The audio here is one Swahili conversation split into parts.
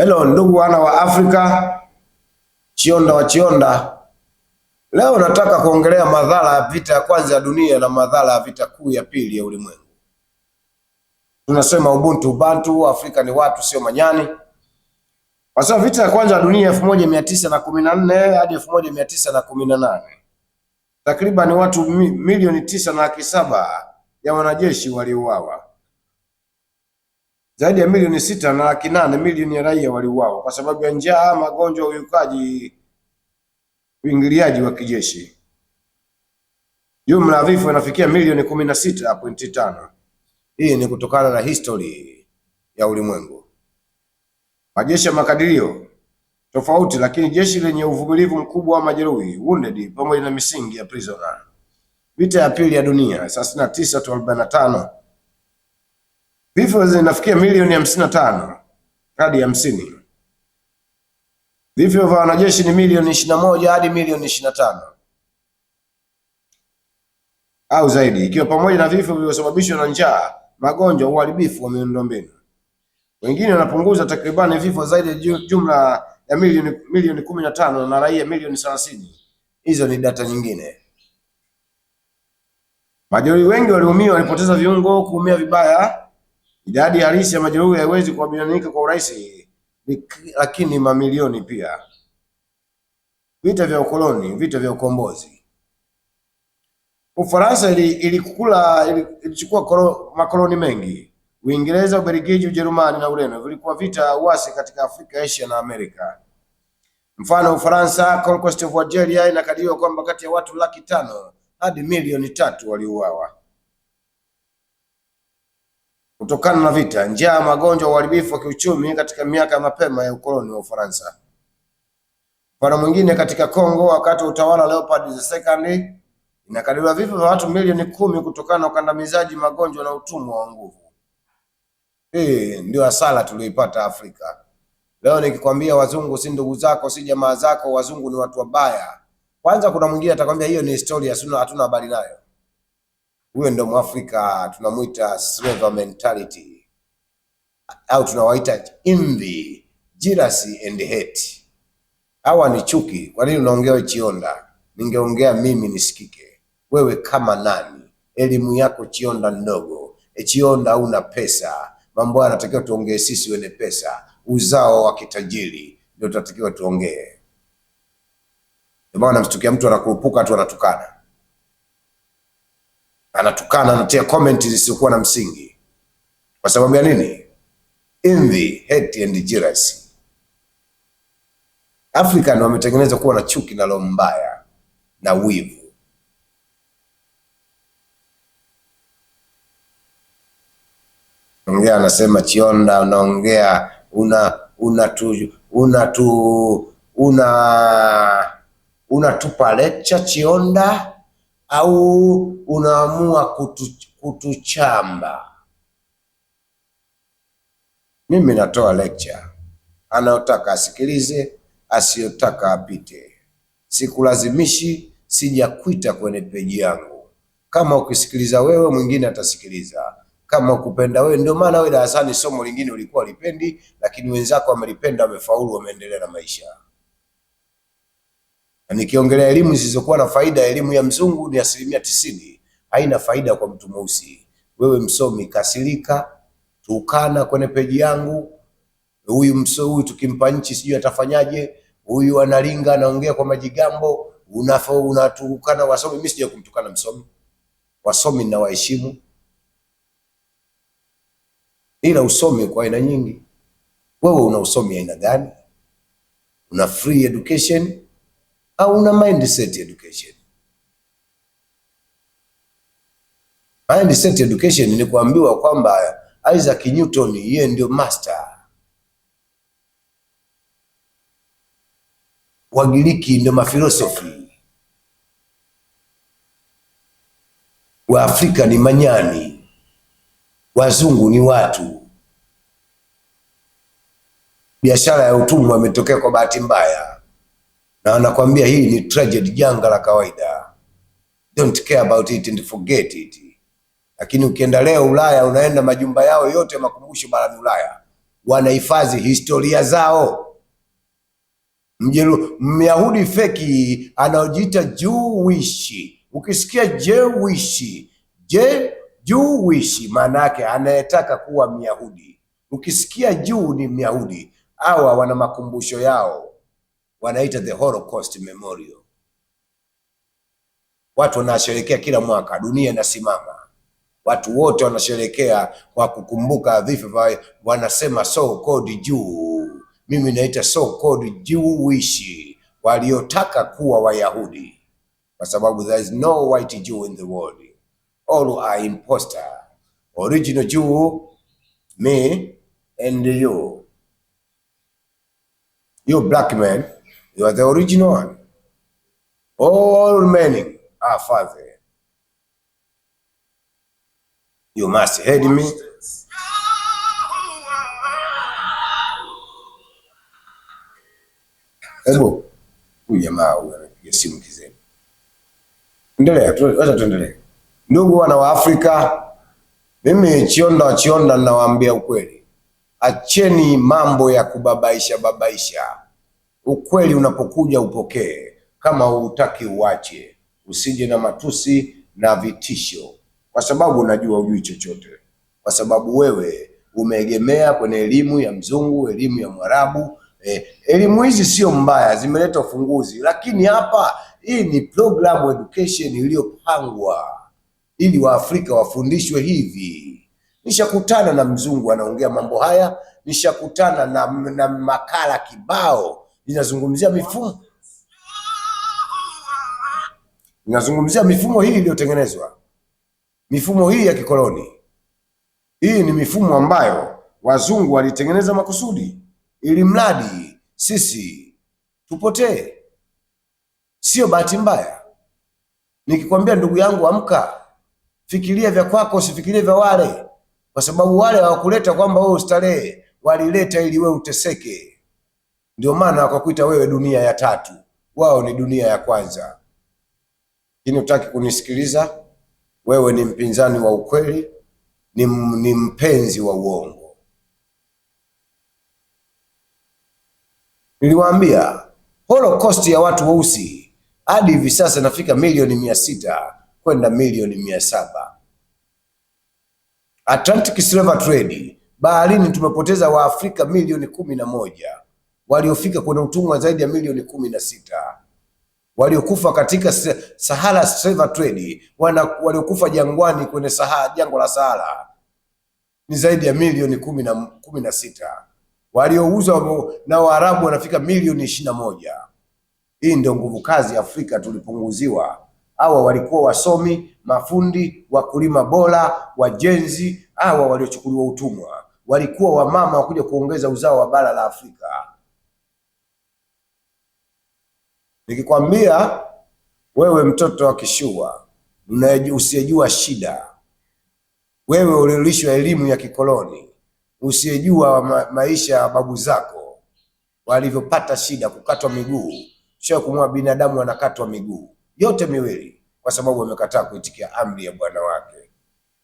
Hello ndugu wana wa Afrika, Chionda wa Chionda. Leo nataka kuongelea madhara ya vita ya kwanza ya dunia na madhara ya vita kuu ya pili ya ulimwengu. Tunasema ubuntu ubantu, Afrika ni watu sio manyani. sababu vita ya kwanza ya dunia elfu moja mia tisa na kumi na nne hadi elfu moja mia tisa na kumi na nane takriban watu milioni tisa na laki saba ya wanajeshi waliuawa. Zaidi ya milioni sita na laki nane milioni ya raia waliuawa kwa sababu ya njaa, magonjwa, uyukaji, uingiliaji wa kijeshi. Jumla ya vifo inafikia milioni kumi na sita pointi tano. Hii ni kutokana na historia ya ulimwengu. Majeshi ya makadirio tofauti, lakini jeshi lenye uvumilivu mkubwa wa majeruhi wounded, pamoja na misingi ya prisoner. Vita ya pili ya dunia 39 to tisa Vifo zinafikia milioni hamsini na tano hadi hamsini. Vifo vya wanajeshi ni milioni ishirini na moja hadi milioni ishirini na tano au zaidi, ikiwa pamoja na vifo vilivyosababishwa na njaa, magonjwa, uharibifu wa miundombinu. Wengine wanapunguza takribani vifo zaidi ya jumla ya milioni milioni kumi na tano na raia milioni thelathini. Hizo ni data nyingine. Majeruhi wengi waliumia, walipoteza viungo, kuumia vibaya Idadi halisi ya majeruhi haiwezi kuwabinanika kwa urahisi, lakini mamilioni pia. Vita vya ukoloni, vita vya ukombozi. Ufaransa ilikula ili ilichukua ili makoloni mengi. Uingereza, Ubelgiji, Ujerumani na Ureno vilikuwa vita uasi katika Afrika, Asia na Amerika. Mfano, Ufaransa, conquest of Algeria inakadiriwa kwamba kati ya watu laki tano hadi milioni tatu waliuawa kutokana na vita, njaa, magonjwa, uharibifu wa kiuchumi katika miaka ya mapema ya ukoloni wa Ufaransa. Upande mwingine, katika Kongo wakati wa utawala Leopold II, inakadiriwa vifo vya watu milioni kumi kutokana na ukandamizaji, magonjwa na utumwa wa nguvu. Hii ndio hasara tuliyoipata Afrika. Leo nikikwambia wazungu si ndugu zako, si jamaa zako, wazungu ni watu wabaya, kwanza kuna mwingine atakwambia hiyo ni historia, hatuna habari nayo. Huyo ndo Mwafrika tunamwita slave mentality au tunawaita envy, jealousy and hate. Hawa ni chuki. Kwa nini unaongea Chionda? Ningeongea mimi nisikike. Wewe kama nani? Elimu yako Chionda ndogo. E, Chionda una pesa, mambo yanatakiwa tuongee sisi wenye pesa, uzao wa kitajiri ndio tunatakiwa tuongee. Ndio maana namshtukia mtu anakurupuka tu anatukana anatukana, anatia comment zisizokuwa na msingi. Kwa sababu ya nini? Envy, hate and jealousy. African wametengenezwa kuwa na chuki na roho mbaya na wivu. Ongea anasema Chionda, unaongea una una tu una unatupa una lecha Chionda au unaamua kutu, kutuchamba. Mimi natoa lecture, anayotaka asikilize, asiyotaka apite. Sikulazimishi, sijakwita kwenye peji yangu. Kama ukisikiliza wewe, mwingine atasikiliza kama ukupenda wewe. Ndio maana wewe darasani somo lingine ulikuwa lipendi, lakini wenzako wamelipenda, wamefaulu, wameendelea na maisha na nikiongelea elimu zisizokuwa na faida, elimu ya mzungu ni asilimia tisini haina faida kwa mtu mweusi. Wewe msomi, kasirika, tukana kwenye peji yangu, huyu mso huyu tukimpa nchi sijui atafanyaje, huyu analinga, anaongea kwa majigambo, unatukana wasomi. Mimi sija kumtukana msomi, wasomi ninawaheshimu, ila usomi kwa aina nyingi. Wewe una usomi aina gani? Una free education una mindset education. Mindset education ni kuambiwa kwamba Isaac Newton yeye ndio master Wagiriki ndio mafilosofi, Waafrika ni manyani, wazungu ni watu. Biashara ya utumwa imetokea kwa bahati mbaya na anakwambia hii ni tragedy, janga la kawaida, don't care about it and forget it. Lakini ukienda leo Ulaya, unaenda majumba yao yote ya makumbusho barani Ulaya, wanahifadhi historia zao. Mjeru, Myahudi feki anaojiita Jewish, ukisikia Jewish, je Jewish maana yake anayetaka kuwa Myahudi. Ukisikia juu ni Myahudi. Hawa wana makumbusho yao wanaita the Holocaust Memorial. Watu wanasherekea kila mwaka, dunia inasimama, watu wote wanasherekea kwa kukumbuka vifo vya, wanasema so called Jew. Mimi naita so called Jewish, waliotaka kuwa Wayahudi, kwa sababu there is no white Jew in the world, all are imposter, original Jew me and you you black man You are the original one. All remaining are Father. You must head me. Hebu huyu jamaa huyu anapiga simu kizeni. Endelea, acha tuendelee. Ndugu wana wa Afrika, mimi Chionda wa Chionda ninawaambia ukweli, acheni mambo ya kubabaisha babaisha Ukweli unapokuja upokee, kama utaki uache, usije na matusi na vitisho, kwa sababu unajua ujui chochote, kwa sababu wewe umeegemea kwenye elimu ya mzungu, elimu ya Mwarabu. Eh, elimu hizi sio mbaya, zimeleta ufunguzi, lakini hapa hii ni program education iliyopangwa ili Waafrika wafundishwe hivi. Nishakutana na mzungu anaongea mambo haya, nishakutana na, na makala kibao linazungumzia mifumo, linazungumzia mifumo hii iliyotengenezwa, mifumo hii ya kikoloni. Hii ni mifumo ambayo wazungu walitengeneza makusudi, ili mradi sisi tupotee. Sio bahati mbaya. Nikikwambia ndugu yangu, amka, fikiria vya kwako, usifikirie vya wale, kwa sababu wale hawakuleta kwamba wewe ustarehe, walileta ili wewe uteseke. Ndio maana wakakuita wewe dunia ya tatu, wao ni dunia ya kwanza. Lakini utaki kunisikiliza. Wewe ni mpinzani wa ukweli, ni, ni mpenzi wa uongo. Niliwaambia Holocaust ya watu weusi hadi hivi sasa inafika milioni mia sita kwenda milioni mia saba. Atlantic Slave Trade, baharini tumepoteza Waafrika milioni kumi na moja waliofika kwenye utumwa zaidi ya milioni kumi na sita waliokufa katika Sahara Slave Trade, waliokufa jangwani kwenye Sahara, jangwa la Sahara ni zaidi ya milioni kumi na, kumi na sita waliouzwa na Waarabu wanafika milioni ishirini na moja. Hii ndio nguvu kazi Afrika tulipunguziwa. Hawa walikuwa wasomi, mafundi, wakulima bora, wajenzi. Hawa waliochukuliwa utumwa walikuwa wamama wakuja kuongeza uzao wa bara la Afrika. Nikikwambia wewe mtoto wa kishua usiyejua shida, wewe ulirudishwa elimu ya kikoloni, usiyejua ma maisha ya babu zako walivyopata shida, kukatwa miguu. Sio kumwa binadamu anakatwa miguu yote miwili kwa sababu amekataa kuitikia amri ya bwana wake.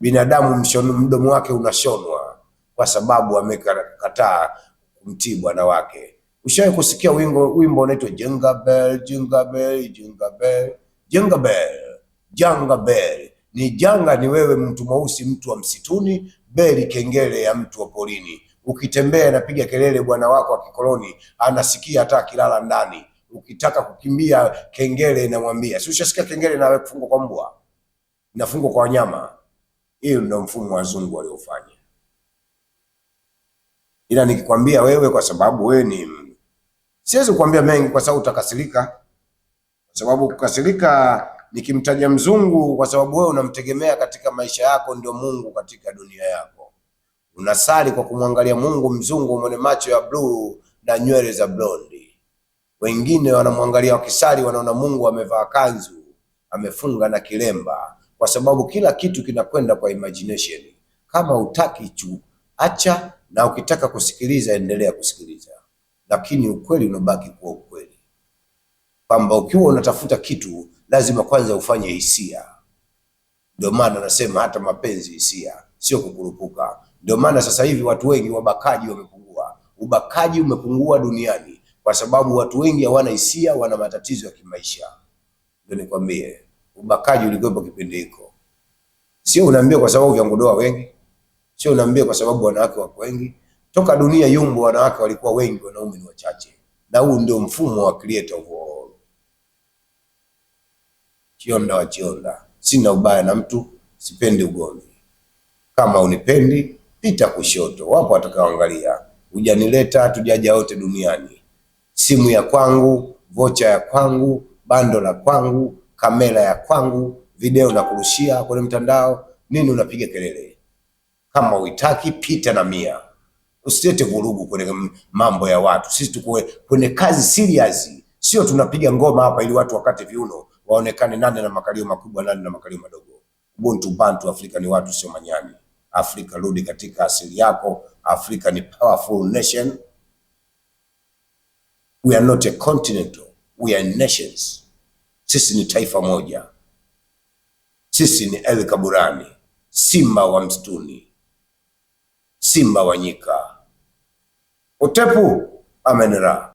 Binadamu mshonu, mdomo wake unashonwa kwa sababu amekataa kumtii bwana wake. Ushawahi kusikia wimbo wimbo unaitwa Jingle Bell, Jingle Bell, Jingle Bell, Jingle Bell, Jingle Bell? Ni janga ni wewe mtu mweusi, mtu wa msituni, beli kengele ya mtu wa porini. Ukitembea inapiga kelele, bwana wako wa kikoloni anasikia hata akilala ndani. Ukitaka kukimbia kengele inamwambia. Si ushasikia kengele na kufungwa kwa mbwa, inafungwa kwa wanyama? Hiyo ndio mfumo wa zungu waliofanya, ila nikikwambia wewe, kwa sababu wewe ni Siwezi kuambia mengi kwa sababu utakasirika, kwa sababu kukasirika nikimtaja mzungu, kwa sababu wewe unamtegemea katika maisha yako, ndio Mungu katika dunia yako. Unasali kwa kumwangalia Mungu mzungu mwenye macho ya bluu na nywele za blondi. Wengine wanamwangalia wakisali, wanaona Mungu amevaa kanzu, amefunga na kilemba, kwa sababu kila kitu kinakwenda kwa imagination. Kama utaki chu acha, na ukitaka kusikiliza endelea kusikiliza lakini ukweli unabaki kuwa ukweli, kwamba ukiwa unatafuta kitu lazima kwanza ufanye hisia. Ndio maana nasema hata mapenzi hisia, sio kukurupuka. Ndio maana sasa hivi watu wengi wabakaji wamepungua, ubakaji umepungua duniani kwa sababu watu wengi hawana hisia, wana matatizo ya kimaisha. Ndio nikwambie, ubakaji ulikuwepo kipindi hiko, sio unaambia kwa sababu vya ngodoa wengi, sio unaambia kwa sababu wanawake wako wengi toka dunia yumbo wanawake walikuwa wengi, wanaume ni wachache, na huu ndio mfumo wa creator all. Chionda wa chionda, sina ubaya na mtu, sipendi ugomvi. Kama unipendi pita kushoto, wapo watakaoangalia. Hujanileta tujaja wote duniani, simu ya kwangu, vocha ya kwangu, bando la kwangu, kamera ya kwangu, video na kurushia kwenye mtandao nini, unapiga kelele? Kama uitaki pita na mia Usilete vurugu kwenye mambo ya watu. Sisi tuko kwenye kazi serious, sio tunapiga ngoma hapa ili watu wakate viuno waonekane nani na makalio makubwa, nani na makalio madogo. Ubuntu bantu, Afrika ni watu, sio manyani. Afrika, rudi katika asili yako. Afrika ni powerful nation. We are not a continental, we are nations. Sisi ni taifa moja. Sisi ni El Kaburani, simba wa msituni, simba wa nyika utepu amenira